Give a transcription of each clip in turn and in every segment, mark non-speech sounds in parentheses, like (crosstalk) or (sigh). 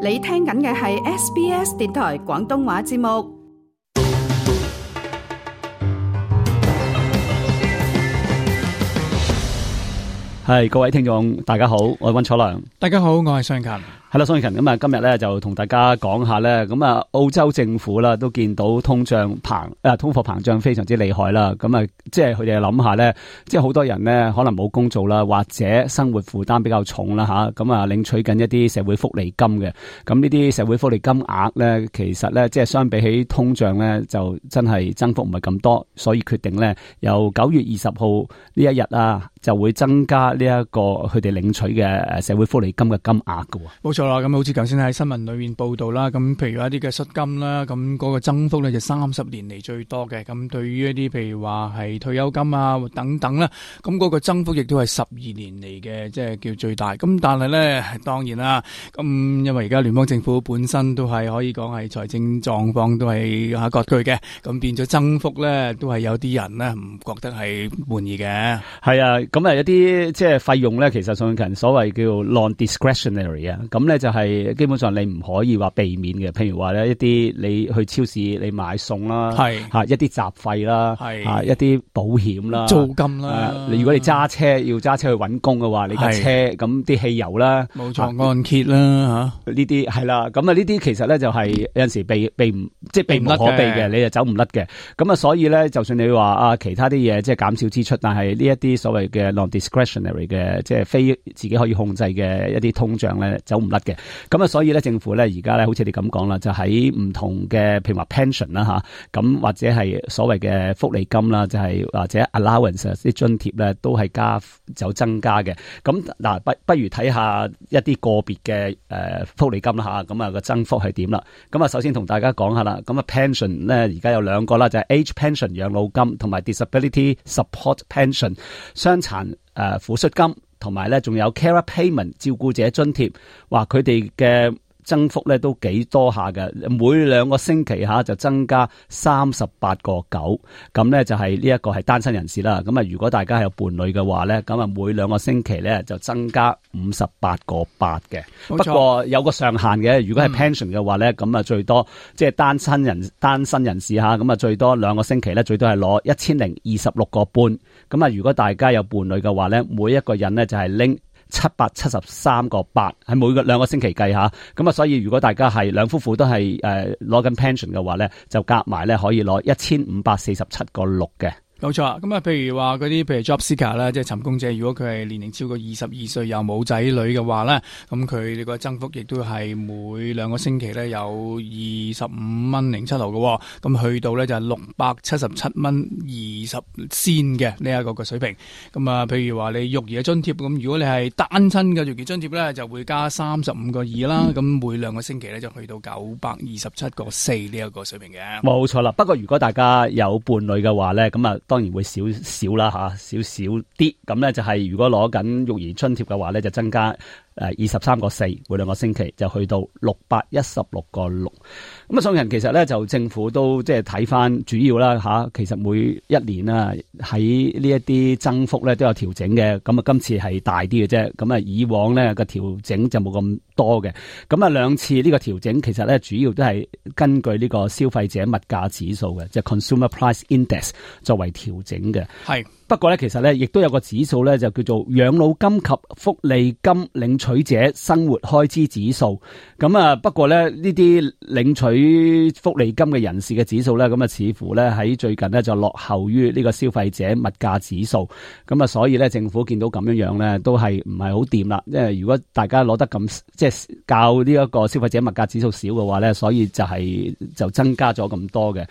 你聽緊嘅係 SBS 電台廣東話節目，係各位聽眾，大家好，我係溫楚良，大家好，我係雙琴。係啦，宋以勤咁啊，今日咧就同大家講下咧，咁啊，澳洲政府啦都見到通脹膨，誒通貨膨脹非常之厲害啦，咁啊，即係佢哋諗下咧，即係好多人咧可能冇工做啦，或者生活負擔比較重啦吓，咁啊領取緊一啲社會福利金嘅，咁呢啲社會福利金額咧，其實咧即係相比起通脹咧，就真係增幅唔係咁多，所以決定咧由九月二十號呢一日啊。就會增加呢一個佢哋領取嘅社會福利金嘅金額喎、哦。冇錯啦，咁好似頭先喺新聞裏面報道啦，咁譬如一啲嘅恤金啦，咁嗰個增幅呢就三十年嚟最多嘅。咁對於一啲譬如話係退休金啊等等啦，咁嗰個增幅亦都係十二年嚟嘅，即係叫最大。咁但係呢，當然啦，咁因為而家聯邦政府本身都係可以講係財政狀況都係吓拮據嘅，咁變咗增幅呢，都係有啲人呢唔覺得係滿意嘅。係啊。咁啊，一啲即係費用咧，其實最近所謂叫 non-discretionary 啊，咁咧就係基本上你唔可以話避免嘅。譬如話咧，一啲你去超市你買餸啦，係吓一啲雜費啦，係吓一啲保險啦，租金啦。你如果你揸車要揸車去揾工嘅話，你架車咁啲汽油啦，冇錯，按揭啦吓呢啲係啦。咁啊呢啲其實咧就係有陣時避避唔即係避唔甩，可避嘅你就走唔甩嘅。咁啊所以咧，就算你話啊其他啲嘢即係減少支出，但係呢一啲所謂嘅嘅 non-discretionary 嘅，即係非自己可以控制嘅一啲通脹咧，走唔甩嘅。咁啊，所以咧，政府咧而家咧，好似你咁講啦，就喺唔同嘅，譬如話 pension 啦吓，咁或者係所謂嘅福利金啦，就係或者 allowance 啲津貼咧，都係加就增加嘅。咁嗱，不不如睇下一啲個別嘅誒福利金啦吓，咁啊個增幅係點啦？咁啊，首先同大家講下啦。咁啊，pension 咧而家有兩個啦，就係 age pension 養老金同埋 disability support pension 相。.殘誒撫恤金，同埋咧仲有 care payment 照顧者津貼話，佢哋嘅。增幅咧都幾多下嘅，每兩個星期下就增加三十八個九，咁咧就係呢一個係單身人士啦。咁啊，如果大家係有伴侶嘅話咧，咁啊每兩個星期咧就增加五十八個八嘅。不過有個上限嘅，如果係 pension 嘅話咧，咁啊最多即係單身人單身人士下，咁啊最多兩個星期咧最多係攞一千零二十六個半。咁啊，如果大家有伴侶嘅話咧、嗯，每一個人咧就係拎七百七十三個八，喺每個兩個星期計下。咁啊，所以如果大家係兩夫婦都係誒攞緊 pension 嘅話咧，就夾埋咧可以攞一千五百四十七個六嘅。冇錯啊！咁啊，譬如話嗰啲，譬如 Job Seeker 啦，即係尋工者，如果佢係年齡超過二十二歲又冇仔女嘅話咧，咁佢哋個增幅亦都係每兩個星期咧有二十五蚊零七毫嘅，咁去到咧就係六百七十七蚊二十仙嘅呢一個嘅水平。咁啊，譬如話你育兒嘅津貼，咁如果你係單親嘅育兒津貼咧，就會加三十五個二啦。咁、嗯、每兩個星期咧就去到九百二十七個四呢一個水平嘅。冇錯啦，不過如果大家有伴侶嘅話咧，咁啊～當然會少少啦嚇，少少啲咁咧就係如果攞緊育兒津貼嘅話咧，就增加。誒，二十三個四，每兩個星期就去到六百一十六個六，咁啊，所以人其實咧就政府都即係睇翻主要啦吓、啊，其實每一年啦喺呢一啲增幅咧都有調整嘅，咁、嗯、啊，今次係大啲嘅啫，咁、嗯、啊，以往咧個調整就冇咁多嘅，咁、嗯、啊，兩次呢個調整其實咧主要都係根據呢個消費者物價指數嘅，即、就、係、是、consumer price index 作為調整嘅，係。不過咧，其實咧，亦都有個指數咧，就叫做養老金及福利金領取者生活開支指數。咁啊，不過咧，呢啲領取福利金嘅人士嘅指數咧，咁啊，似乎咧喺最近咧就落後於呢個消費者物價指數。咁啊，所以咧，政府見到咁樣樣咧，都係唔係好掂啦。因為如果大家攞得咁即係教呢一個消費者物價指數少嘅話咧，所以就係就增加咗咁多嘅。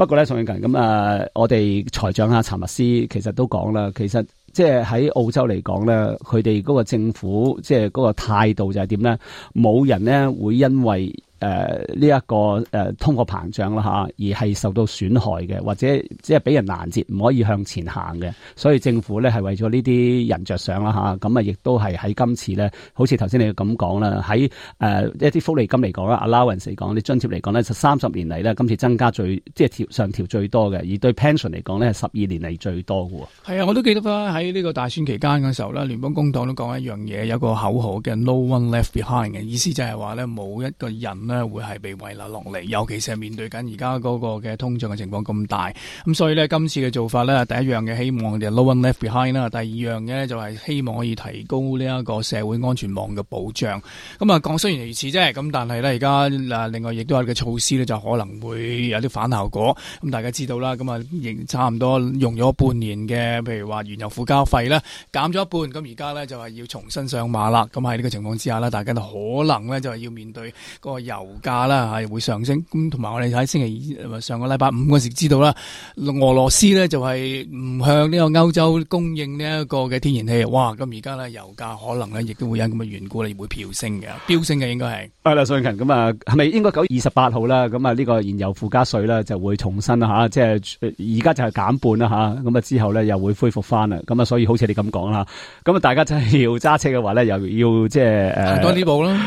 不過咧，宋永近咁啊，我哋財長啊查密斯其實都講啦，其實即係喺澳洲嚟講咧，佢哋嗰個政府即係嗰個態度就係點咧？冇人咧會因為誒呢一個誒、呃、通貨膨脹啦嚇、啊，而係受到損害嘅，或者即係俾人攔截唔可以向前行嘅，所以政府咧係為咗呢啲人著想啦嚇，咁啊亦、啊、都係喺今次咧，好似頭先你咁講啦，喺誒一啲福利金嚟講啦，allowance 嚟講，啲津貼嚟講咧，就三、是、十年嚟咧，今次增加最即係上調最多嘅，而對 pension 嚟講咧係十二年嚟最多嘅喎。係啊，我都記得啦，喺呢個大選期間嘅時候咧，聯邦工黨都講一樣嘢，有個口號嘅 no one left behind 嘅意思就係話咧冇一個人。咧會係被遺留落嚟，尤其是係面對緊而家嗰個嘅通脹嘅情況咁大，咁所以呢，今次嘅做法呢，第一樣嘅希望就 no one left behind 啦，第二樣嘅就係希望可以提高呢一個社會安全網嘅保障。咁啊講雖然如此啫，咁但係呢，而家啊另外亦都有嘅措施呢，就可能會有啲反效果。咁大家知道啦，咁啊亦差唔多用咗半年嘅，譬如話原油附加費呢，減咗一半，咁而家呢，就係要重新上馬啦。咁喺呢個情況之下呢，大家可能呢，就係要面對個油。油價啦，係會上升。咁同埋我哋喺星期二，上個禮拜五嗰時候知道啦。俄羅斯呢就係唔向呢個歐洲供應呢一個嘅天然氣。哇！咁而家呢油價可能呢亦都會因咁嘅緣故嚟會飆升嘅，飆升嘅應該係。阿蘇瑞群，咁啊，係咪應該九月二十八號啦？咁啊，呢個燃油附加稅呢就會重新啦，吓、啊，即係而家就係減半啦，吓、啊。咁啊之後呢又會恢復翻啦。咁啊，所以好似你咁講啦。咁啊，大家真係要揸車嘅話呢，又要即係誒，呃、行多啲步啦，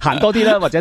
行、啊、多啲啦， (laughs) 或者。